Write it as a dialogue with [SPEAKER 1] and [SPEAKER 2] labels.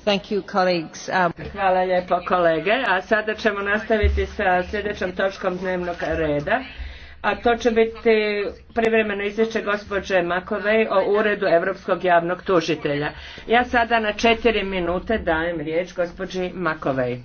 [SPEAKER 1] Um, Hvala lijepo kolege. A sada ćemo nastaviti sa sljedećom točkom dnevnog reda. A to će biti privremeno izvješće gospođe Makovej o uredu Europskog javnog tužitelja. Ja sada na četiri minute dajem riječ gospođi Makovej.